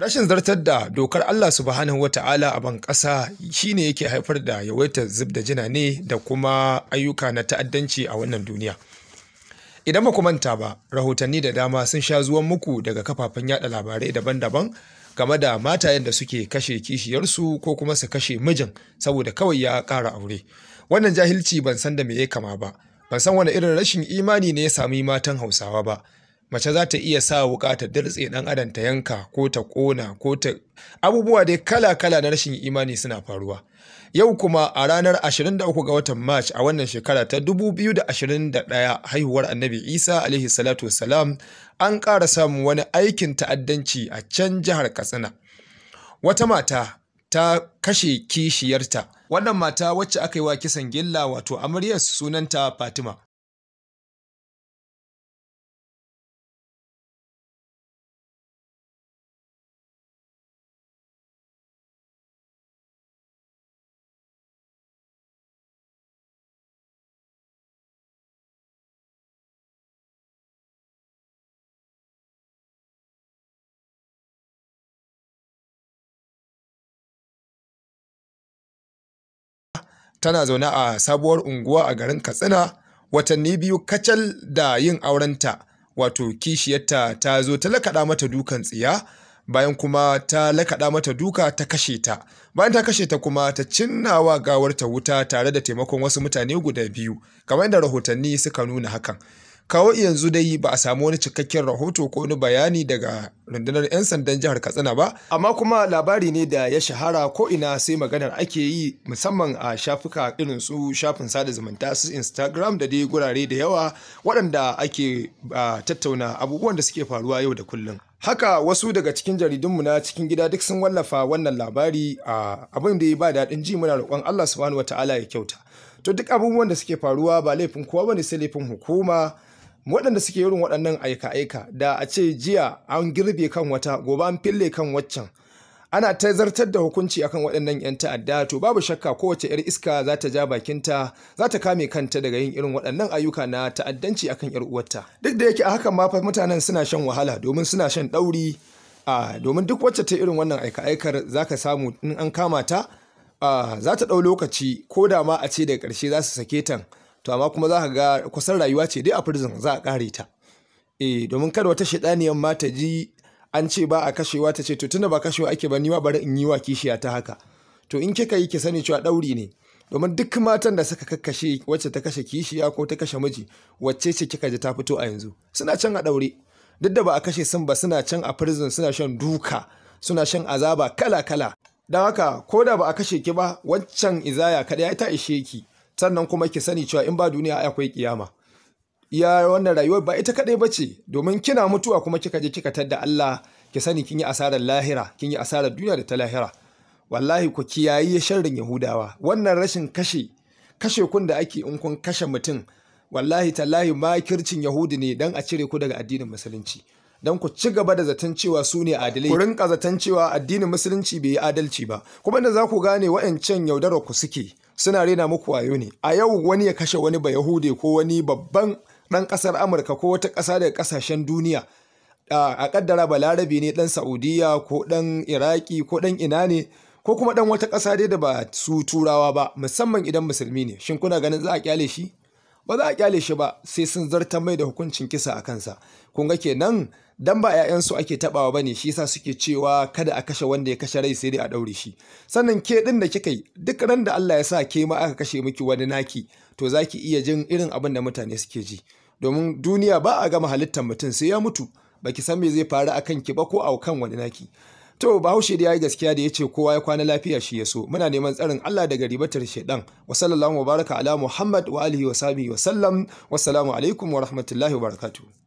Rashin zartar da dokar Allah subhanahu ta'ala a ban ƙasa shi ne yake haifar da yawaitar zub da jina ne da kuma ayyuka na ta'addanci a wannan duniya. Idan ba manta ba, rahotanni da dama sun sha zuwan muku daga kafafen yada labarai daban-daban game da matayen da suke kashe kishiyarsu ko kuma su kashe mijin saboda kawai ya ƙara aure. Wannan jahilci ban san da me ya kama ba, ban san wani irin rashin imani ne ya sami matan Hausawa ba. mace za ta iya sa wuka ta dirtse dan adam ta yanka ko ta kona ko ta abubuwa dai kala-kala na rashin imani suna faruwa yau kuma a ranar 23 ga watan march a wannan shekara ta 2021 haihuwar annabi isa alaihi salatu wasalam an ƙara samun wani aikin ta'addanci a can jihar katsina wata mata ta kashe kishiyarta wannan mata wacce aka yi wa kisan gilla wato amaryar sunanta fatima tana zaune a sabuwar unguwa a garin katsina watanni biyu kacal da yin aurenta wato kishiyarta ta zo ta lakaɗa mata dukan tsiya bayan kuma ta lakaɗa mata duka ta kashe ta bayan ta kashe ta kuma ta cinnawa gawarta wuta tare da taimakon wasu mutane guda biyu kamar yadda rahotanni suka nuna hakan kawo yanzu dai ba a samu wani cikakken rahoto ko wani bayani daga rundunar 'yan sandan jihar katsina ba amma kuma labari ne da ya shahara ko ina sai maganar ake yi musamman a shafuka irin su shafin sada zumunta su instagram da dai gurare da yawa waɗanda ake tattauna abubuwan da suke faruwa yau da kullum haka wasu daga cikin jaridunmu na cikin gida duk sun wallafa wannan labari a abin da ya ba daɗin ji muna roƙon allah subhanahu ta'ala ya kyauta to duk abubuwan da suke faruwa ba laifin kowa bane sai laifin hukuma waɗanda suke irin waɗannan aika-aika da a ce jiya an girbe kan wata gobe an fille kan waccan ana ta zartar da hukunci akan waɗannan 'yan ta'adda to babu shakka kowace 'yar iska za ta ja bakinta za ta kame kanta daga yin irin waɗannan ayyuka na ta'addanci akan 'yar uwarta duk da yake a hakan ma mutanen suna shan wahala domin suna shan ɗauri a domin duk wacce ta irin wannan aika-aikar za ka samu in an kama ta za ta ɗau lokaci ko da ma a ce daga ƙarshe za su sake tan to amma kuma za ka ga kusan rayuwa ce dai a prison za a kare ta eh domin kada wata shaidaniyar ma ta ji an ce ba a kashewa ta ce to tunda ba kashewa ake ba ni ma bari in yi wa kishiya ta haka to in kika yi ki sani cewa ɗauri ne domin duk matan da suka kakkashe wacce ta kashe kishiya ko ta kashe miji wacce ce kika ji ta fito a yanzu suna can a ɗaure duk da ba a kashe sun ba suna can a prison suna shan duka suna shan azaba kala kala don haka ko da ba a kashe ki ba waccan izaya kaɗai ya ta ishe ki sannan kuma ki sani cewa in ba duniya akwai kiyama iya wannan rayuwar ba ita kadai bace domin kina mutuwa kuma kika je kika tadda Allah ki sani kin yi asarar lahira kin yi asarar duniya da ta lahira wallahi ku kiyayi sharrin yahudawa wannan rashin kashe kashe kun da ake in kun kashe mutum wallahi tallahi makircin yahudi ne dan a cire ku daga addinin musulunci don ku ci gaba da zaton cewa su ne adalai ku rinka zaton cewa addinin musulunci bai yi adalci ba kuma da za ku gane wa'ancan yaudarar ku suke suna rena muku wayo ne a yau wani ya kashe wani ba yahude ko wani babban ɗan ƙasar amurka ko wata ƙasa daga ƙasashen duniya a ƙaddara larabi ne ɗan saudiya ko ɗan iraki ko ɗan ina ne ko kuma ɗan wata ƙasa dai da ba su turawa ba musamman idan musulmi ne shin kuna ganin za a kyale shi ba za a kyale shi ba sai sun zarta mai da hukuncin kisa a kansa kun ga kenan dan ba 'ya'yansu ake tabawa bane shi yasa suke cewa kada a kashe wanda ya kashe rai sai dai a daure shi sannan ke din da kika yi duk ran da Allah ya sa ke ma aka kashe miki wani naki to zaki iya jin irin abin da mutane suke ji domin duniya ba a gama halittar mutum sai ya mutu baki san me zai faru akan ki ba ko a kan wani naki to bahaushe da yayi gaskiya da yace kowa ya kwana lafiya shi ya so muna neman tsarin Allah daga ribatar shedan wa sallallahu baraka ala muhammad wa alihi wa sahbihi wa sallam wassalamu alaikum wa rahmatullahi wa barakatuh